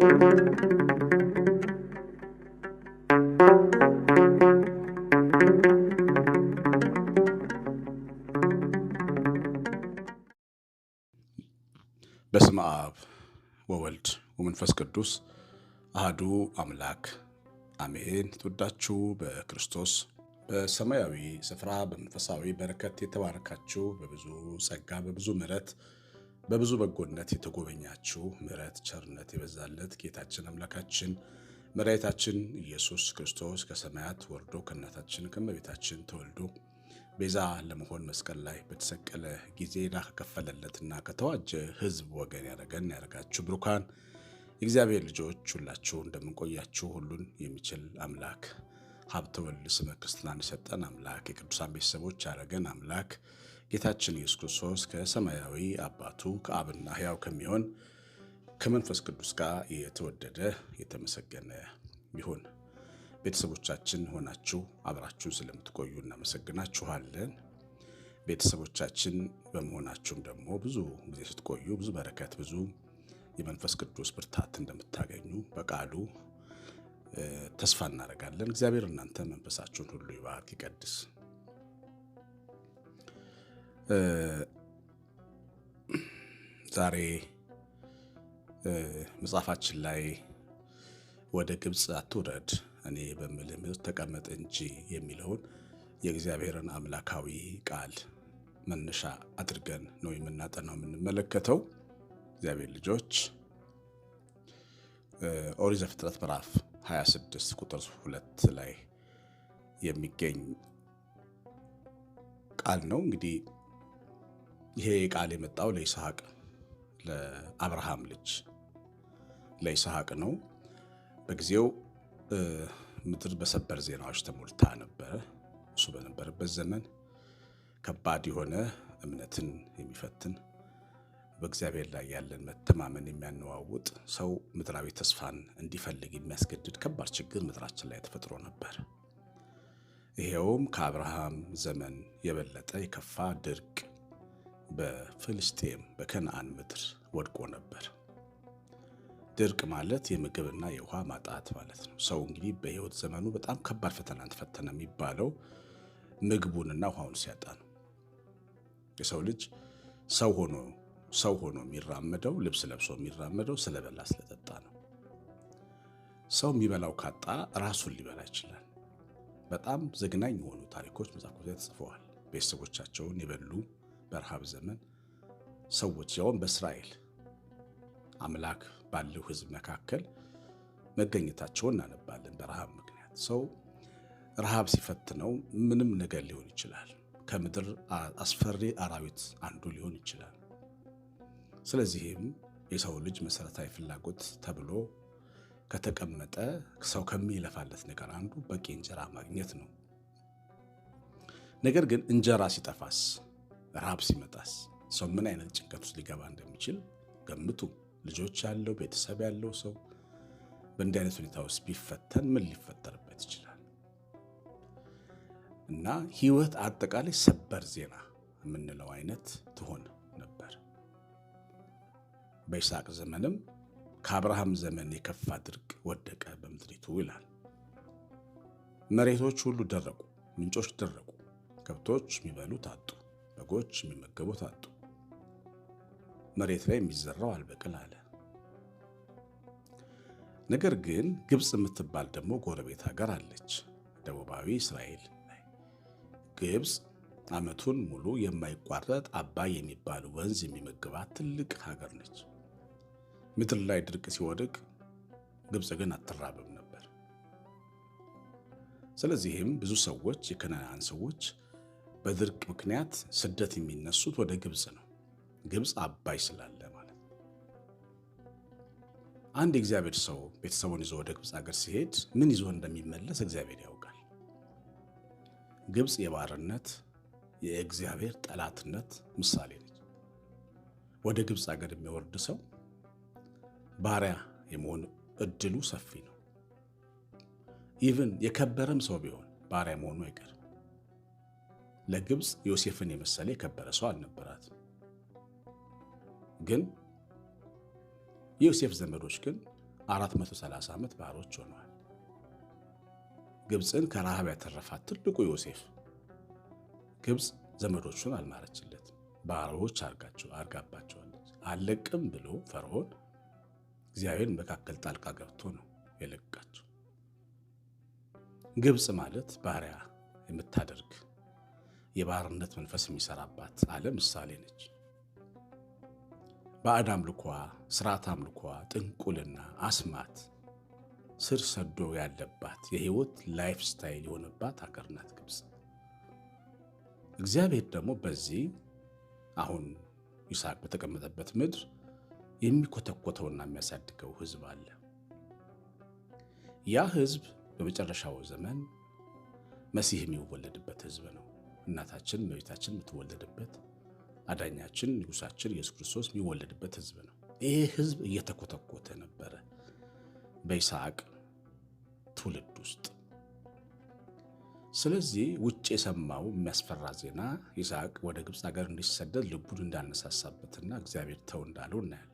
በስመ አብ ወወልድ ወመንፈስ ቅዱስ አህዱ አምላክ አሜን። ትወዳችሁ በክርስቶስ በሰማያዊ ስፍራ በመንፈሳዊ በረከት የተባረካችሁ በብዙ ጸጋ በብዙ ምሕረት በብዙ በጎነት የተጎበኛችሁ ምሕረት ቸርነት የበዛለት ጌታችን አምላካችን መድኃኒታችን ኢየሱስ ክርስቶስ ከሰማያት ወርዶ ከእናታችን ከእመቤታችን ተወልዶ ቤዛ ለመሆን መስቀል ላይ በተሰቀለ ጊዜ ዕዳ ከከፈለለትና ከተዋጀ ሕዝብ ወገን ያደረገን ያደረጋችሁ ብሩካን የእግዚአብሔር ልጆች ሁላችሁ እንደምንቆያችሁ ሁሉን የሚችል አምላክ ሀብተወልድ ወልድ ስመ ክርስትናን የሰጠን አምላክ የቅዱሳን ቤተሰቦች ያደረገን አምላክ ጌታችን ኢየሱስ ክርስቶስ ከሰማያዊ አባቱ ከአብና ሕያው ከሚሆን ከመንፈስ ቅዱስ ጋር የተወደደ የተመሰገነ ይሁን። ቤተሰቦቻችን ሆናችሁ አብራችሁን ስለምትቆዩ እናመሰግናችኋለን። ቤተሰቦቻችን በመሆናችሁም ደግሞ ብዙ ጊዜ ስትቆዩ ብዙ በረከት፣ ብዙ የመንፈስ ቅዱስ ብርታት እንደምታገኙ በቃሉ ተስፋ እናደርጋለን። እግዚአብሔር እናንተ መንፈሳችሁን ሁሉ ይባርክ፣ ይቀድስ። ዛሬ መጽሐፋችን ላይ ወደ ግብፅ አትውረድ እኔ በምልህ ምድር ተቀመጥ እንጂ የሚለውን የእግዚአብሔርን አምላካዊ ቃል መነሻ አድርገን ነው የምናጠናው የምንመለከተው። እግዚአብሔር ልጆች ኦሪት ዘፍጥረት ምዕራፍ 26 ቁጥር ሁለት ላይ የሚገኝ ቃል ነው እንግዲህ ይሄ ቃል የመጣው ለይስሐቅ ለአብርሃም ልጅ ለይስሐቅ ነው። በጊዜው ምድር በሰበር ዜናዎች ተሞልታ ነበረ። እሱ በነበረበት ዘመን ከባድ የሆነ እምነትን የሚፈትን በእግዚአብሔር ላይ ያለን መተማመን የሚያነዋውጥ ሰው ምድራዊ ተስፋን እንዲፈልግ የሚያስገድድ ከባድ ችግር ምድራችን ላይ ተፈጥሮ ነበር። ይሄውም ከአብርሃም ዘመን የበለጠ የከፋ ድርቅ በፍልስጤም በከነአን ምድር ወድቆ ነበር። ድርቅ ማለት የምግብና የውሃ ማጣት ማለት ነው። ሰው እንግዲህ በህይወት ዘመኑ በጣም ከባድ ፈተናን ተፈተነ የሚባለው ምግቡንና ውሃውን ሲያጣ ነው። የሰው ልጅ ሰው ሆኖ ሰው ሆኖ የሚራመደው ልብስ ለብሶ የሚራመደው ስለበላ ስለጠጣ ነው። ሰው የሚበላው ካጣ ራሱን ሊበላ ይችላል። በጣም ዘግናኝ የሆኑ ታሪኮች መጽሐፍ ተጽፈዋል። ቤተሰቦቻቸውን የበሉ በረሃብ ዘመን ሰዎች ያውም በእስራኤል አምላክ ባለው ሕዝብ መካከል መገኘታቸውን እናነባለን። በረሃብ ምክንያት ሰው ረሃብ ሲፈትነው ምንም ነገር ሊሆን ይችላል። ከምድር አስፈሪ አራዊት አንዱ ሊሆን ይችላል። ስለዚህም የሰው ልጅ መሰረታዊ ፍላጎት ተብሎ ከተቀመጠ ሰው ከሚለፋለት ነገር አንዱ በቂ እንጀራ ማግኘት ነው። ነገር ግን እንጀራ ሲጠፋስ ረሃብ ሲመጣስ ሰው ምን አይነት ጭንቀት ውስጥ ሊገባ እንደሚችል ገምቱ። ልጆች ያለው ቤተሰብ ያለው ሰው በእንዲህ አይነት ሁኔታ ውስጥ ቢፈተን ምን ሊፈጠርበት ይችላል? እና ህይወት አጠቃላይ ሰበር ዜና የምንለው አይነት ትሆን ነበር። በይስሐቅ ዘመንም ከአብርሃም ዘመን የከፋ ድርቅ ወደቀ በምድሪቱ ይላል። መሬቶች ሁሉ ደረቁ፣ ምንጮች ደረቁ፣ ከብቶች የሚበሉ ታጡ። በጎች የሚመገቡት አጡ። መሬት ላይ የሚዘራው አልበቅል አለ። ነገር ግን ግብፅ የምትባል ደግሞ ጎረቤት ሀገር አለች፣ ደቡባዊ እስራኤል ግብፅ ዓመቱን ሙሉ የማይቋረጥ አባይ የሚባል ወንዝ የሚመግባት ትልቅ ሀገር ነች። ምድር ላይ ድርቅ ሲወድቅ ግብፅ ግን አትራብም ነበር። ስለዚህም ብዙ ሰዎች የከነዓን ሰዎች በድርቅ ምክንያት ስደት የሚነሱት ወደ ግብፅ ነው። ግብፅ አባይ ስላለ ማለት ነው። አንድ የእግዚአብሔር ሰው ቤተሰቡን ይዞ ወደ ግብፅ ሀገር ሲሄድ ምን ይዞ እንደሚመለስ እግዚአብሔር ያውቃል። ግብፅ የባርነት የእግዚአብሔር ጠላትነት ምሳሌ ነች። ወደ ግብፅ ሀገር የሚወርድ ሰው ባሪያ የመሆን እድሉ ሰፊ ነው። ኢቭን የከበረም ሰው ቢሆን ባሪያ መሆኑ አይቀርም። ለግብፅ ዮሴፍን የመሰለ የከበረ ሰው አልነበራት። ግን የዮሴፍ ዘመዶች ግን 430 ዓመት ባሮች ሆነዋል። ግብፅን ከረሃብ ያተረፋት ትልቁ ዮሴፍ ግብፅ ዘመዶቹን አልማረችለት፣ ባሮች አርጋባቸዋለች። አለቅም ብሎ ፈርዖን እግዚአብሔር መካከል ጣልቃ ገብቶ ነው የለቃቸው። ግብፅ ማለት ባሪያ የምታደርግ የባርነት መንፈስ የሚሰራባት አለ ምሳሌ ነች። ባዕድ አምልኳ፣ ስርዓት አምልኳ፣ ጥንቁልና፣ አስማት ስር ሰዶ ያለባት የህይወት ላይፍ ስታይል የሆነባት ሀገር ናት ግብፅ። እግዚአብሔር ደግሞ በዚህ አሁን ይስሐቅ በተቀመጠበት ምድር የሚኮተኮተውና የሚያሳድገው ህዝብ አለ። ያ ህዝብ በመጨረሻው ዘመን መሲህ የሚወለድበት ህዝብ ነው። እናታችን እመቤታችን የምትወለድበት አዳኛችን ንጉሳችን ኢየሱስ ክርስቶስ የሚወለድበት ህዝብ ነው። ይሄ ህዝብ እየተኮተኮተ ነበረ በይስሐቅ ትውልድ ውስጥ። ስለዚህ ውጭ የሰማው የሚያስፈራ ዜና ይስሐቅ ወደ ግብፅ ሀገር እንዲሰደድ ልቡን እንዳነሳሳበትና እግዚአብሔር ተው እንዳለው እናያለን።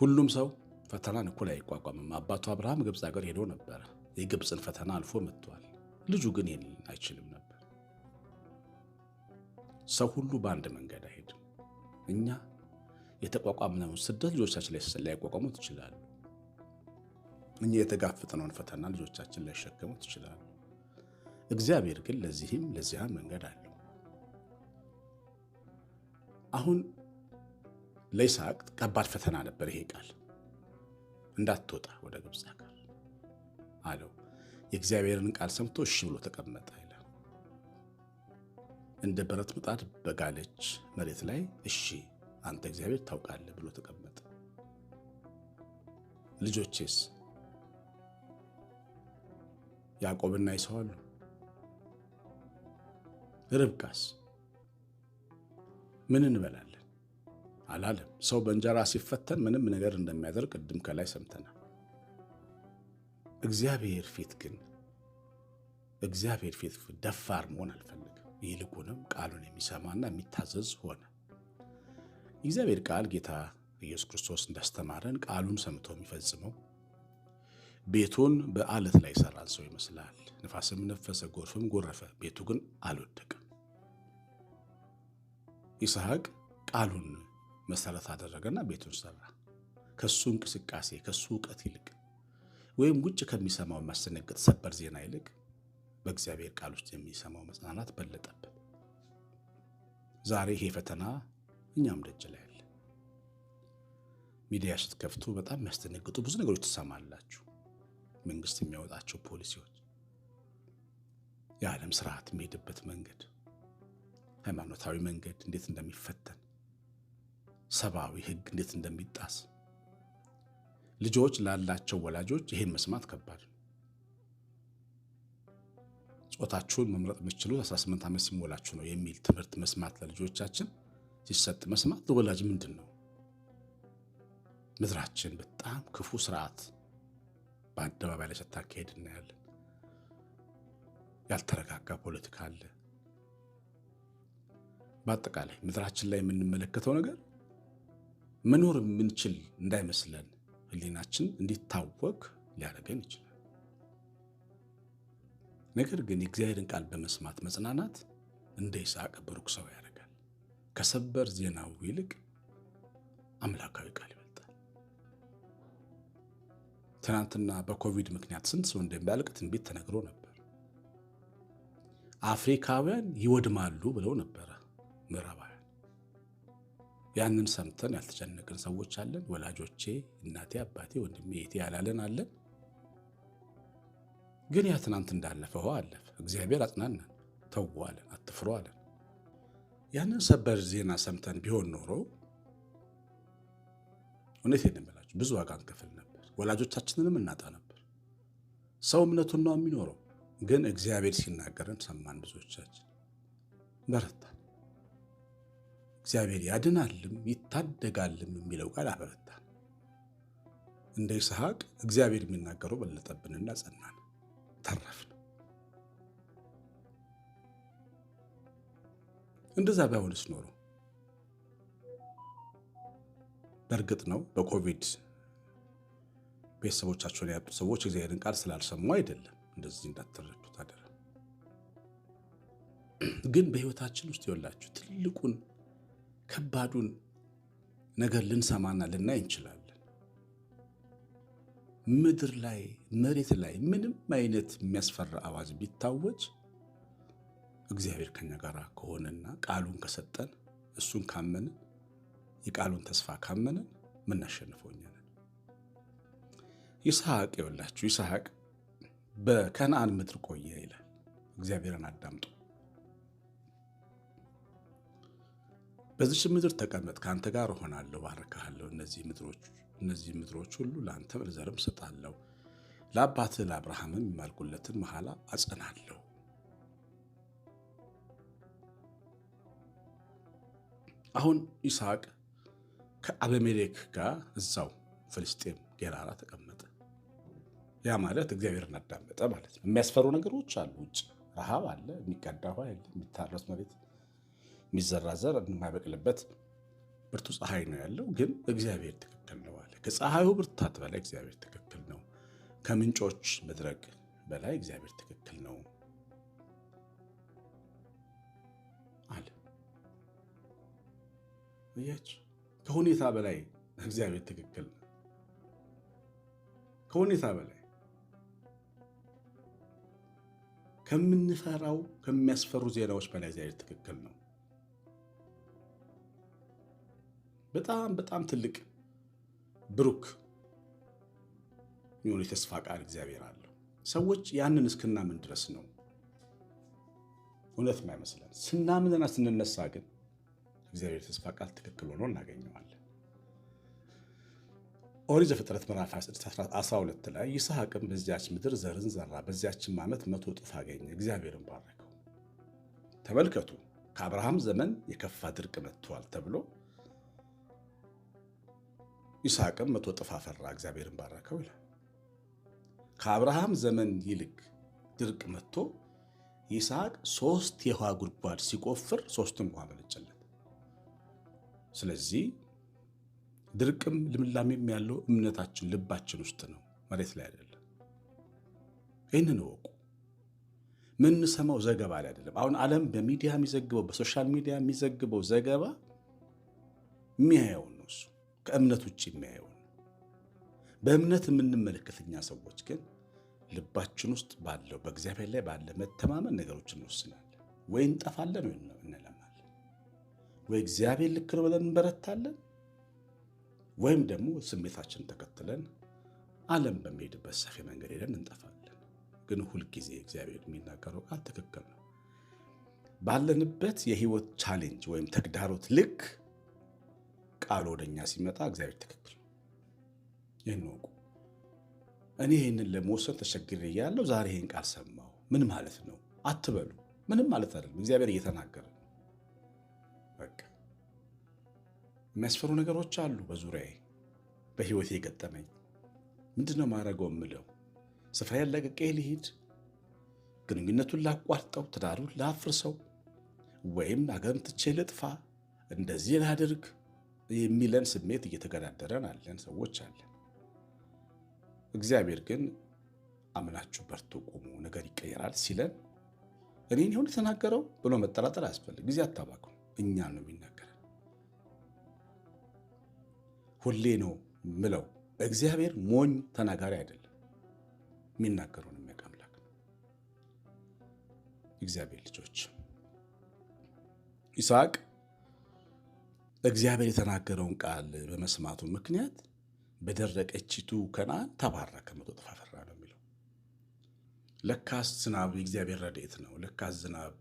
ሁሉም ሰው ፈተናን እኩል አይቋቋምም። አባቱ አብርሃም ግብፅ ሀገር ሄዶ ነበረ። የግብፅን ፈተና አልፎ መጥቷል። ልጁ ግን ይህን አይችልም ነበር። ሰው ሁሉ በአንድ መንገድ አይሄድም። እኛ የተቋቋምነውን ስደት ልጆቻችን ላይቋቋሙ ትችላሉ። እኛ የተጋፈጥነውን ፈተና ልጆቻችን ላይሸከሙ ትችላሉ። እግዚአብሔር ግን ለዚህም ለዚያ መንገድ አለው። አሁን ለይስሐቅ ከባድ ፈተና ነበር። ይሄ ቃል እንዳትወጣ ወደ ግብፅ አለው የእግዚአብሔርን ቃል ሰምቶ እሺ ብሎ ተቀመጠ ይላል። እንደ ብረት ምጣድ በጋለች መሬት ላይ እሺ አንተ እግዚአብሔር ታውቃለህ ብሎ ተቀመጠ። ልጆቼስ ያዕቆብና ይሰው አሉ። ርብቃስ ምን እንበላለን አላለም። ሰው በእንጀራ ሲፈተን ምንም ነገር እንደሚያደርግ ቅድም ከላይ ሰምተናል። እግዚአብሔር ፊት ግን እግዚአብሔር ፊት ደፋር መሆን አልፈልግም። ይልቁንም ቃሉን የሚሰማና የሚታዘዝ ሆነ። እግዚአብሔር ቃል ጌታ ኢየሱስ ክርስቶስ እንዳስተማረን ቃሉን ሰምቶ የሚፈጽመው ቤቱን በአለት ላይ ሰራን ሰው ይመስላል። ንፋስም ነፈሰ፣ ጎርፍም ጎረፈ፣ ቤቱ ግን አልወደቅም። ይስሐቅ ቃሉን መሰረት አደረገና ቤቱን ሰራ። ከሱ እንቅስቃሴ ከሱ እውቀት ይልቅ ወይም ውጭ ከሚሰማው የሚያስደነግጥ ሰበር ዜና ይልቅ በእግዚአብሔር ቃል ውስጥ የሚሰማው መጽናናት በለጠብን። ዛሬ ይሄ ፈተና እኛም ደጅ ላይ አለ። ሚዲያ ስትከፍቱ በጣም የሚያስደነግጡ ብዙ ነገሮች ትሰማላችሁ። መንግስት የሚያወጣቸው ፖሊሲዎች፣ የዓለም ስርዓት የሚሄድበት መንገድ፣ ሃይማኖታዊ መንገድ እንዴት እንደሚፈተን፣ ሰብአዊ ህግ እንዴት እንደሚጣስ ልጆች ላላቸው ወላጆች ይህን መስማት ከባድ ነው። ጾታችሁን መምረጥ የምትችሉት 18 ዓመት ሲሞላችሁ ነው የሚል ትምህርት መስማት ለልጆቻችን ሲሰጥ መስማት ለወላጅ ምንድን ነው? ምድራችን በጣም ክፉ ስርዓት በአደባባይ ላይ ስታካሄድ እናያለን። ያልተረጋጋ ፖለቲካ አለ። በአጠቃላይ ምድራችን ላይ የምንመለከተው ነገር መኖር የምንችል እንዳይመስለን ህሊናችን እንዲታወቅ ሊያደርገን ይችላል። ነገር ግን የእግዚአብሔርን ቃል በመስማት መጽናናት እንደ ይስሐቅ ብሩክ ሰው ያደርጋል። ከሰበር ዜናው ይልቅ አምላካዊ ቃል ይበልጣል። ትናንትና በኮቪድ ምክንያት ስንት ሰው እንደሚያልቅ ትንቢት ተነግሮ ነበር። አፍሪካውያን ይወድማሉ ብለው ነበረ ምዕራባ ያንን ሰምተን ያልተጨነቅን ሰዎች አለን። ወላጆቼ፣ እናቴ፣ አባቴ፣ ወንድሜ፣ እህቴ ያላለን አለን። ግን ያ ትናንት እንዳለፈ ውሃ አለፈ። እግዚአብሔር አጽናናን፣ ተው አለን፣ አትፍሮ አለን። ያንን ሰበር ዜና ሰምተን ቢሆን ኖሮ እውነት የንምላቸው ብዙ ዋጋ እንከፍል ነበር። ወላጆቻችንንም እናጣ ነበር። ሰው እምነቱን ነው የሚኖረው። ግን እግዚአብሔር ሲናገረን ሰማን። ብዙዎቻችን በረታ እግዚአብሔር ያድናልም ይታደጋልም የሚለው ቃል አበረታ። እንደ ይስሐቅ እግዚአብሔር የሚናገረው በለጠብንና ጸናን፣ ተረፍን። እንደዛ ባይሆንስ ኖሮ በእርግጥ ነው በኮቪድ ቤተሰቦቻቸውን ያጡ ሰዎች እግዚአብሔርን ቃል ስላልሰሙ አይደለም። እንደዚህ እንዳትረዱት አደራ። ግን በህይወታችን ውስጥ የወላችሁ ትልቁን ከባዱን ነገር ልንሰማና ልናይ እንችላለን። ምድር ላይ መሬት ላይ ምንም አይነት የሚያስፈራ አዋጅ ቢታወጅ እግዚአብሔር ከኛ ጋር ከሆነና ቃሉን ከሰጠን እሱን ካመንን የቃሉን ተስፋ ካመንን ምናሸንፈው እኛ ነን። ይስሐቅ ይወላችሁ ይስሐቅ በከነአን ምድር ቆየ ይላል። እግዚአብሔርን አዳምጦ በዚች ምድር ተቀመጥ፣ ከአንተ ጋር እሆናለሁ፣ ባርካሃለሁ። እነዚህ ምድሮች ሁሉ ለአንተ ለዘርም ሰጣለሁ፣ ለአባትህ ለአብርሃምም የማልኩለትን መሐላ አጸናለሁ። አሁን ይስሐቅ ከአበሜሌክ ጋር እዛው ፍልስጤም ጌራራ ተቀመጠ። ያ ማለት እግዚአብሔር እናዳመጠ ማለት ነው። የሚያስፈሩ ነገሮች አሉ። ውጭ ረሃብ አለ፣ የሚቀዳ ውሃ የለ፣ የሚታረስ መሬት የሚዘራዘር የማይበቅልበት ብርቱ ፀሐይ ነው ያለው። ግን እግዚአብሔር ትክክል ነው አለ። ከፀሐዩ ብርታት በላይ እግዚአብሔር ትክክል ነው። ከምንጮች መድረቅ በላይ እግዚአብሔር ትክክል ነው አለ። እያች ከሁኔታ በላይ እግዚአብሔር ትክክል ነው። ከሁኔታ በላይ ከምንፈራው ከሚያስፈሩ ዜናዎች በላይ እግዚአብሔር ትክክል ነው። በጣም በጣም ትልቅ ብሩክ የሆነ የተስፋ ቃል እግዚአብሔር አለው። ሰዎች ያንን እስክናምን ድረስ ነው እውነት አይመስለን። ስናምንና ስንነሳ ግን እግዚአብሔር የተስፋ ቃል ትክክል ሆኖ እናገኘዋለን። ኦሪት ዘፍጥረት ምዕራፍ 12 ላይ ይስሐቅም በዚያች ምድር ዘርን ዘራ፣ በዚያችም ዓመት መቶ እጥፍ አገኘ፣ እግዚአብሔርን ባረከው። ተመልከቱ ከአብርሃም ዘመን የከፋ ድርቅ መጥተዋል ተብሎ ይስሐቅም መቶ እጥፍ አፈራ፣ እግዚአብሔርን ባረከው ይላል። ከአብርሃም ዘመን ይልቅ ድርቅ መጥቶ ይስሐቅ ሶስት የውሃ ጉድጓድ ሲቆፍር ሶስቱን ውሃ መለጨለት። ስለዚህ ድርቅም ልምላሜም ያለው እምነታችን ልባችን ውስጥ ነው፣ መሬት ላይ አይደለም። ይህንን እወቁ። ምንሰማው ዘገባ ላይ አይደለም። አሁን ዓለም በሚዲያ የሚዘግበው በሶሻል ሚዲያ የሚዘግበው ዘገባ የሚያየውን ከእምነት ውጭ የሚያየውን። በእምነት የምንመለከት እኛ ሰዎች ግን ልባችን ውስጥ ባለው በእግዚአብሔር ላይ ባለ መተማመን ነገሮችን እንወስናለን። ወይ እንጠፋለን ወይ እንለማለን፣ ወይ እግዚአብሔር ልክ ነው ብለን እንበረታለን፣ ወይም ደግሞ ስሜታችን ተከትለን ዓለም በሚሄድበት ሰፊ መንገድ ሄደን እንጠፋለን። ግን ሁልጊዜ እግዚአብሔር የሚናገረው ቃል ትክክል ነው። ባለንበት የህይወት ቻሌንጅ ወይም ተግዳሮት ልክ ቃል ወደ እኛ ሲመጣ እግዚአብሔር ትክክል ይህን ወቁ። እኔ ይህንን ለመወሰን ተቸግሬ እያለሁ ዛሬ ይህን ቃል ሰማሁ። ምን ማለት ነው አትበሉ። ምንም ማለት አይደለም። እግዚአብሔር እየተናገረ ነው። በቃ የሚያስፈሩ ነገሮች አሉ በዙሪያዬ፣ በህይወቴ የገጠመኝ ምንድነው ማድረገው የምለው ስፍራ ለቅቄ ልሂድ፣ ግንኙነቱን ላቋርጠው፣ ትዳሩን ላፍርሰው፣ ወይም አገርን ትቼ ልጥፋ፣ እንደዚህ ላድርግ የሚለን ስሜት እየተገዳደረን አለን ሰዎች አለን። እግዚአብሔር ግን አምናችሁ በርቶ ቁሙ፣ ነገር ይቀየራል ሲለን እኔን ይሁን የተናገረው ብሎ መጠራጠር አያስፈልግ። ጊዜ አታባክኑ። እኛ ነው የሚናገረን። ሁሌ ነው ምለው፣ እግዚአብሔር ሞኝ ተናጋሪ አይደለም። የሚናገረውን የሚያውቅ አምላክ ነው። እግዚአብሔር ልጆች ይስሐቅ እግዚአብሔር የተናገረውን ቃል በመስማቱ ምክንያት በደረቀችቱ ከነዓን ተባረከ፣ መቶ እጥፍ አፈራ ነው የሚለው። ለካስ ዝናብ የእግዚአብሔር ረድኤት ነው። ለካስ ዝናብ፣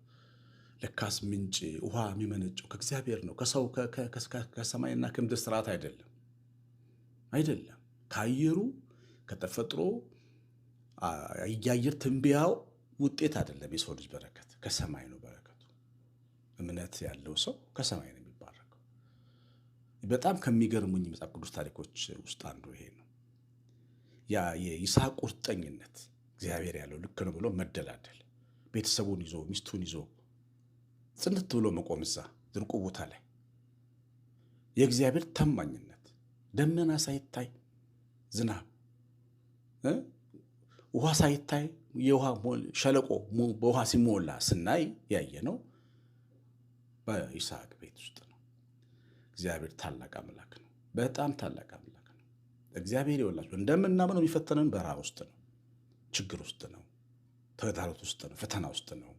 ለካስ ምንጭ ውሃ የሚመነጨው ከእግዚአብሔር ነው። ከሰው ከሰማይና ከምድር ስርዓት አይደለም አይደለም ከአየሩ ከተፈጥሮ እያየር ትንቢያው ውጤት አይደለም። የሰው ልጅ በረከት ከሰማይ ነው። በረከቱ እምነት ያለው ሰው ከሰማይ ነው በጣም ከሚገርሙኝ መጽሐፍ ቅዱስ ታሪኮች ውስጥ አንዱ ይሄ ነው። ያ የይስሐቅ ቁርጠኝነት እግዚአብሔር ያለው ልክ ነው ብሎ መደላደል፣ ቤተሰቡን ይዞ ሚስቱን ይዞ ጽንት ብሎ መቆም እዛ ድርቁ ቦታ ላይ የእግዚአብሔር ታማኝነት፣ ደመና ሳይታይ ዝናብ፣ ውሃ ሳይታይ የውሃ ሸለቆ በውሃ ሲሞላ ስናይ ያየ ነው በይስሐቅ ቤት ውስጥ እግዚአብሔር ታላቅ አምላክ ነው። በጣም ታላቅ አምላክ ነው እግዚአብሔር። ይወላችሁ እንደምናምነው የሚፈተነን በረሃ ውስጥ ነው፣ ችግር ውስጥ ነው፣ ተግዳሮት ውስጥ ነው፣ ፈተና ውስጥ ነው።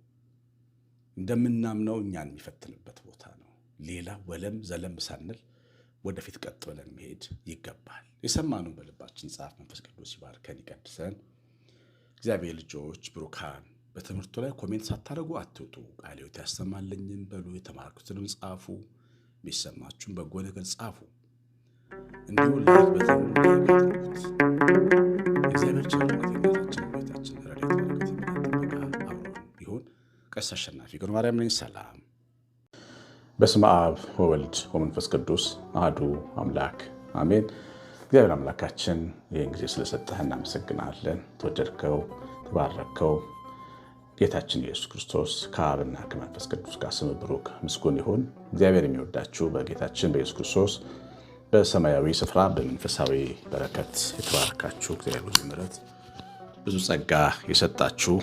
እንደምናምነው እኛን የሚፈትንበት ቦታ ነው። ሌላ ወለም ዘለም ሳንል ወደፊት ቀጥ ብለን መሄድ ይገባል። የሰማነውን በልባችን ጻፍ። መንፈስ ቅዱስ ይባርከን ይቀድሰን። እግዚአብሔር ልጆች ብሩካን በትምህርቱ ላይ ኮሜንት ሳታደርጉ አትውጡ። ቃለ ያሰማልኝም በሉ፣ የተማርኩትንም ጻፉ። ቢሰማችሁም በጎ ነገር ጻፉ። እንዲሁ ላይክ እግዚአብሔር ቸርነት ቀሲስ አሸናፊ ማርያም ነኝ። ሰላም። በስመ አብ ወወልድ ወመንፈስ ቅዱስ አህዱ አምላክ አሜን። እግዚአብሔር አምላካችን ይህን ጊዜ ስለሰጠህ እናመሰግናለን። ተወደድከው፣ ተባረከው። ጌታችን ኢየሱስ ክርስቶስ ከአብና ከመንፈስ ቅዱስ ጋር ስም ብሩክ ምስጉን ይሁን። እግዚአብሔር የሚወዳችሁ በጌታችን በኢየሱስ ክርስቶስ በሰማያዊ ስፍራ በመንፈሳዊ በረከት የተባረካችሁ እግዚአብሔር ምሕረት ብዙ ጸጋ የሰጣችሁ